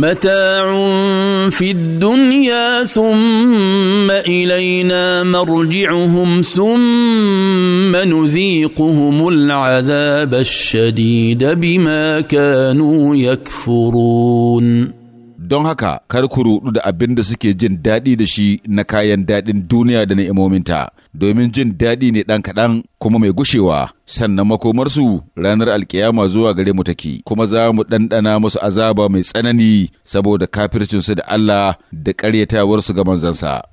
متاع في الدنيا ثم الينا مرجعهم ثم نذيقهم العذاب الشديد بما كانوا يكفرون don haka kar ku rudu da abin da suke jin daɗi da shi na kayan daɗin duniya da ni'imominta domin jin daɗi ne ɗan kaɗan kuma mai gushewa sannan makomarsu ranar alkiyama zuwa gare mu take kuma za mu ɗanɗana masu azaba mai tsanani saboda kafircinsu da Allah da ƙaryatawarsu ga manzansa.